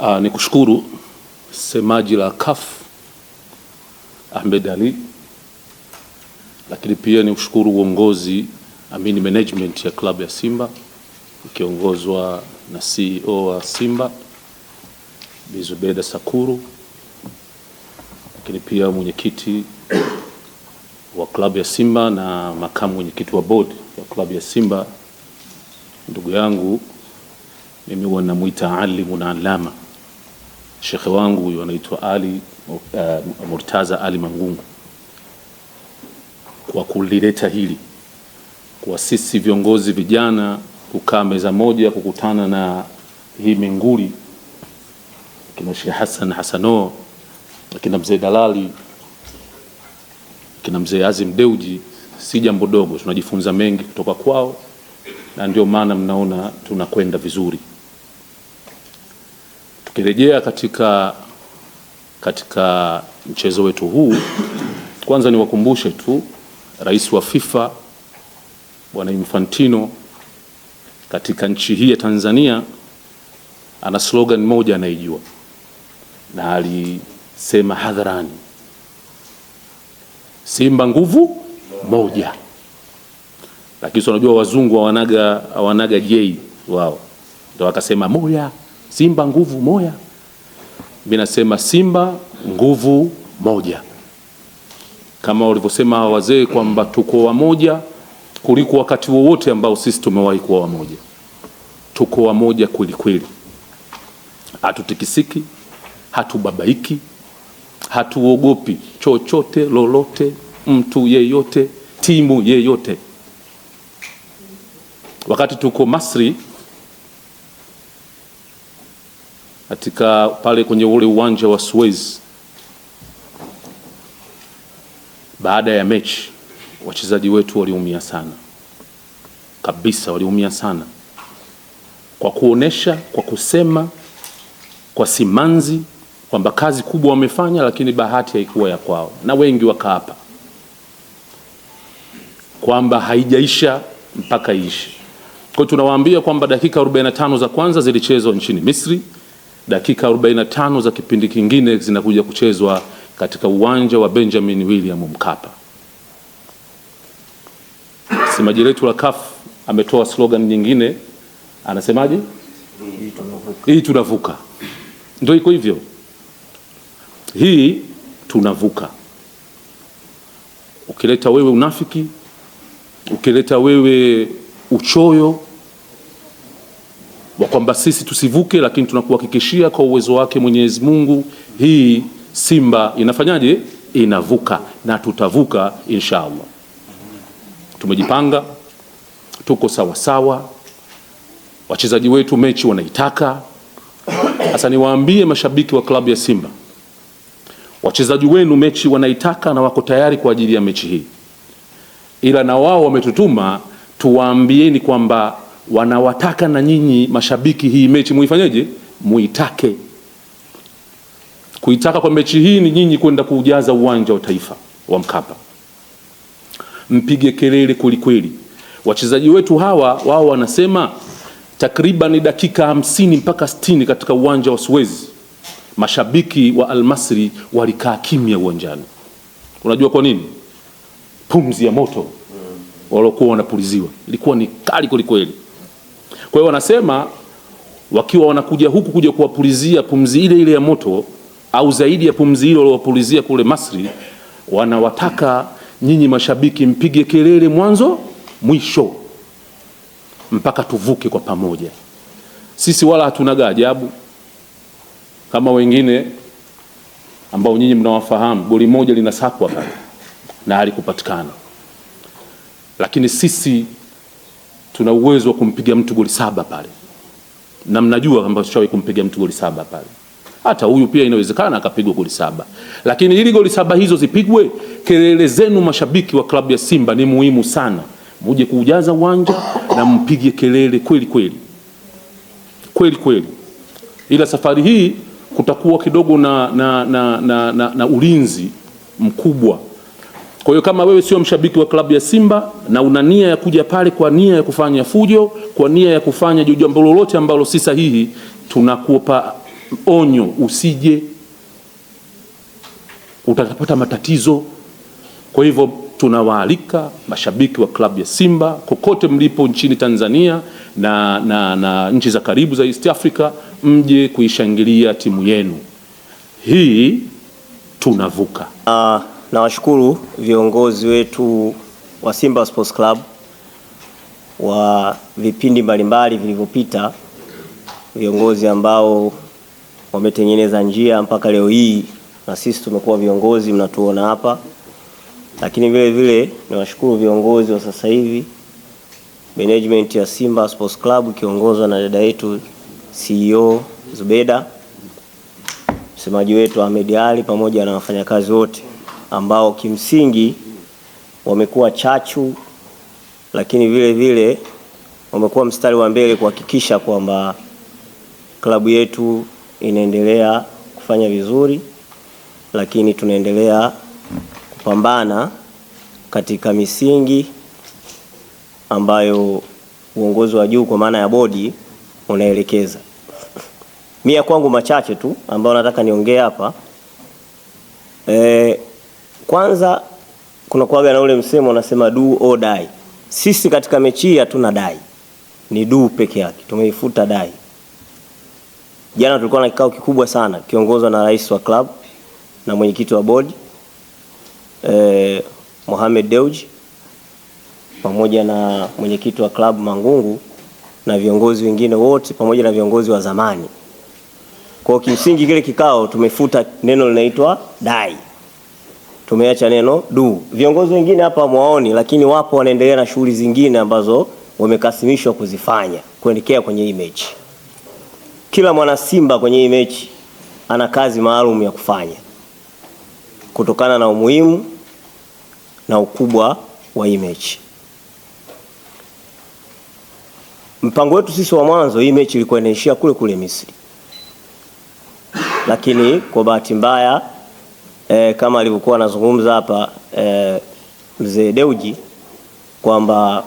Uh, ni kushukuru semaji la CAF Ahmed Ali, lakini pia ni kushukuru uongozi amini management ya klabu ya Simba ikiongozwa na CEO wa Simba Bizubeda Sakuru, lakini pia mwenyekiti wa klabu ya Simba na makamu mwenyekiti wa board ya klabu ya Simba ndugu yangu mimi huwa namwita alimu na alama shekhe wangu huyu anaitwa Ali uh, Murtaza Ali Mangungu kwa kulileta hili kwa sisi viongozi vijana kukaa meza moja kukutana na hii minguli kina Sheikh Hassan Hassano akina mzee Dalali kina mzee Azim Deuji si jambo dogo, tunajifunza mengi kutoka kwao, na ndio maana mnaona tunakwenda vizuri. Tukirejea katika, katika mchezo wetu huu, kwanza niwakumbushe tu rais wa FIFA Bwana Infantino katika nchi hii ya Tanzania ana slogan moja anaijua, na alisema hadharani, Simba nguvu moja. Lakini unajua wazungu hawanaga hawanaga jei wao, ndio akasema moja Simba nguvu moya, binasema Simba nguvu moja, kama walivyosema hawa wazee kwamba tuko wamoja kuliko wakati wowote ambao sisi tumewahi kuwa wamoja. Tuko wamoja kweli kweli, hatutikisiki, hatubabaiki, hatuogopi chochote lolote, mtu yeyote, timu yeyote. Wakati tuko Masri katika pale kwenye ule uwanja wa Suez baada ya mechi, wachezaji wetu waliumia sana kabisa, waliumia sana kwa kuonesha, kwa kusema, kwa simanzi kwamba kazi kubwa wamefanya, lakini bahati haikuwa ya kwao, na wengi wakaapa kwamba haijaisha mpaka iishe. Kwa hiyo tunawaambia kwamba dakika 45 za kwanza zilichezwa nchini Misri dakika 45 za kipindi kingine zinakuja kuchezwa katika uwanja wa Benjamin William Mkapa. Msemaji wetu la CAF ametoa slogan nyingine, anasemaje? Hii tunavuka. Ndio iko hivyo, hii tunavuka. Ukileta wewe unafiki, ukileta wewe uchoyo wa kwamba sisi tusivuke, lakini tunakuhakikishia kwa uwezo wake Mwenyezi Mungu, hii Simba inafanyaje? Inavuka na tutavuka inshallah Tumejipanga, tuko sawa sawa, wachezaji wetu mechi wanaitaka. Sasa niwaambie mashabiki wa klabu ya Simba, wachezaji wenu mechi wanaitaka na wako tayari kwa ajili ya mechi hii, ila na wao wametutuma tuwaambieni kwamba wanawataka na nyinyi mashabiki, hii mechi muifanyeje? Muitake. Kuitaka kwa mechi hii ni nyinyi kwenda kuujaza uwanja wa taifa wa Mkapa, mpige kelele kwelikweli. Wachezaji wetu hawa wao wanasema takriban dakika hamsini mpaka sitini katika uwanja wa Suez mashabiki wa Almasri walikaa kimya uwanjani. Unajua kwa nini? Pumzi ya moto walokuwa wanapuliziwa ilikuwa ni kali kwelikweli. Kwa hiyo wanasema wakiwa wanakuja huku kuja kuwapulizia pumzi ile ile ya moto au zaidi ya pumzi ile waliowapulizia kule Masri, wanawataka nyinyi mashabiki mpige kelele mwanzo mwisho mpaka tuvuke kwa pamoja. Sisi wala hatunaga ajabu kama wengine ambao nyinyi mnawafahamu. Goli moja linasakwa pale na halikupatikana, lakini sisi tuna uwezo wa kumpiga mtu goli saba pale, na mnajua kwamba tushawahi kumpiga mtu goli saba pale. Hata huyu pia inawezekana akapigwa goli saba, lakini ili goli saba hizo zipigwe, kelele zenu mashabiki wa klabu ya Simba ni muhimu sana, muje kuujaza uwanja na mpige kelele kweli kweli kweli kweli. Ila safari hii kutakuwa kidogo na, na, na, na, na, na ulinzi mkubwa kwa hiyo kama wewe sio mshabiki wa klabu ya Simba na una nia ya kuja pale kwa nia ya kufanya fujo, kwa nia ya kufanya jambo lolote ambalo si sahihi, tunakupa onyo, usije, utapata matatizo. Kwa hivyo tunawaalika mashabiki wa klabu ya Simba kokote mlipo nchini Tanzania na, na, na nchi za karibu za East Africa mje kuishangilia timu yenu hii, tunavuka uh. Nawashukuru viongozi wetu wa Simba Sports Club wa vipindi mbalimbali vilivyopita, viongozi ambao wametengeneza njia mpaka leo hii na sisi tumekuwa viongozi, mnatuona hapa. Lakini vile vile niwashukuru viongozi wa sasa hivi, management ya Simba Sports Club ikiongozwa na dada yetu CEO Zubeda, msemaji wetu Ahmed Ali, pamoja na wafanyakazi wote ambao kimsingi wamekuwa chachu, lakini vile vile wamekuwa mstari wa mbele kuhakikisha kwamba klabu yetu inaendelea kufanya vizuri, lakini tunaendelea kupambana katika misingi ambayo uongozi wa juu kwa maana ya bodi unaelekeza. Mia kwangu machache tu ambayo nataka niongee hapa e, kwanza kuna kuaga na ule msemo unasema do or die. Sisi katika mechi hii hatuna dai, ni du peke yake, tumeifuta dai. Jana tulikuwa na kikao kikubwa sana kiongozwa na rais wa club na mwenyekiti wa bodi eh, Mohamed Deuji pamoja na mwenyekiti wa klabu Mangungu na viongozi wengine wote pamoja na viongozi wa zamani. Kwa kimsingi kile kikao tumefuta neno linaitwa dai tumeacha neno du. Viongozi wengine hapa mwaoni, lakini wapo wanaendelea na shughuli zingine ambazo wamekasimishwa kuzifanya kuelekea kwenye hii mechi. Kila mwana Simba kwenye hii mechi ana kazi maalum ya kufanya kutokana na umuhimu na ukubwa wa hii mechi. Mpango wetu sisi wa mwanzo, hii mechi ilikuwa inaishia kule kule Misri, lakini kwa bahati mbaya eh, kama alivyokuwa anazungumza hapa eh, mzee Deuji kwamba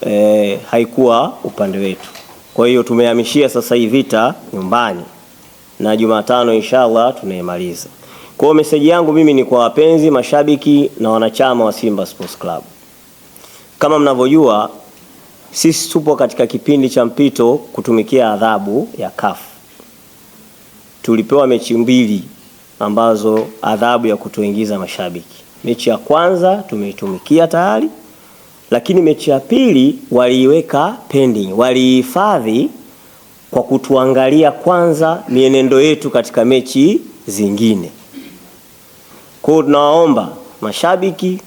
eh, haikuwa upande wetu. Kwa hiyo tumehamishia sasa hii vita nyumbani na Jumatano inshallah tunaimaliza. Kwa hiyo meseji yangu mimi ni kwa wapenzi, mashabiki na wanachama wa Simba Sports Club. Kama mnavyojua sisi tupo katika kipindi cha mpito kutumikia adhabu ya kafu. Tulipewa mechi mbili ambazo adhabu ya kutoingiza mashabiki. Mechi ya kwanza tumeitumikia tayari, lakini mechi ya pili waliiweka pending, walihifadhi kwa kutuangalia kwanza mienendo yetu katika mechi zingine. Kwa hiyo tunawaomba mashabiki,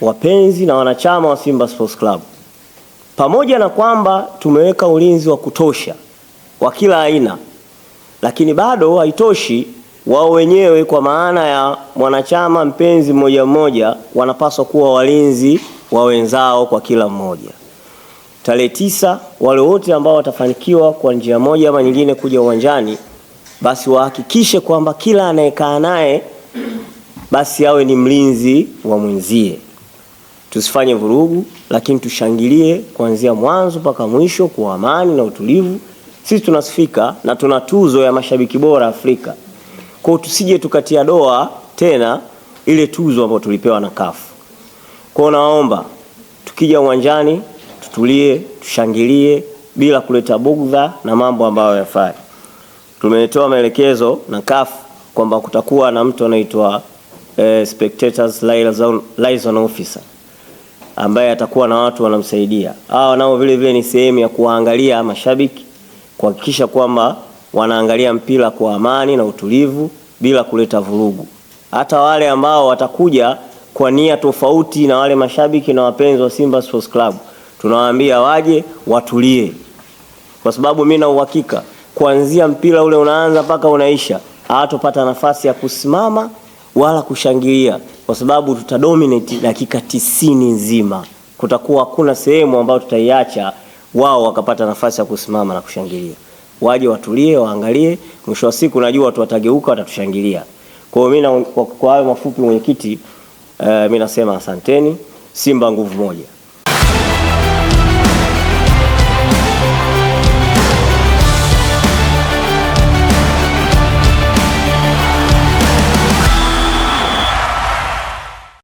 wapenzi na wanachama wa Simba Sports Club, pamoja na kwamba tumeweka ulinzi wa kutosha wa kila aina, lakini bado haitoshi wao wenyewe kwa maana ya mwanachama mpenzi mmoja mmoja wanapaswa kuwa walinzi wa wenzao kwa kila mmoja. Tarehe tisa, wale wote ambao watafanikiwa kwa njia moja ama nyingine kuja uwanjani, basi wahakikishe kwamba kila anayekaa naye basi awe ni mlinzi wa mwenzie. Tusifanye vurugu, lakini tushangilie kuanzia mwanzo mpaka mwisho kwa amani na utulivu. Sisi tunasifika na tuna tuzo ya mashabiki bora Afrika kwao, tusije tukatia doa tena ile tuzo ambayo tulipewa na CAF. Kwao naomba tukija uwanjani tutulie, tushangilie bila kuleta bugdha na mambo ambayo yafai. Tumetoa maelekezo na CAF kwamba kutakuwa na mtu anaitwa eh, spectators liaison officer ambaye atakuwa na watu wanamsaidia. Hawa nao vile vile ni sehemu ya kuwaangalia mashabiki kuhakikisha kwamba wanaangalia mpira kwa amani na utulivu bila kuleta vurugu. Hata wale ambao watakuja kwa nia tofauti na wale mashabiki na wapenzi wa Simba Sports Club, tunawaambia waje watulie, kwa sababu mimi na uhakika kuanzia mpira ule unaanza mpaka unaisha hawatopata nafasi ya kusimama wala kushangilia, kwa sababu tutadominate dakika tisini nzima. Kutakuwa hakuna sehemu ambayo tutaiacha wao wakapata nafasi ya kusimama na kushangilia waje watulie, waangalie, mwisho wa siku najua watu watageuka, watatushangilia. Kwa hiyo mimi kwa hayo mafupi, mwenyekiti, uh, mimi nasema asanteni. Simba nguvu moja.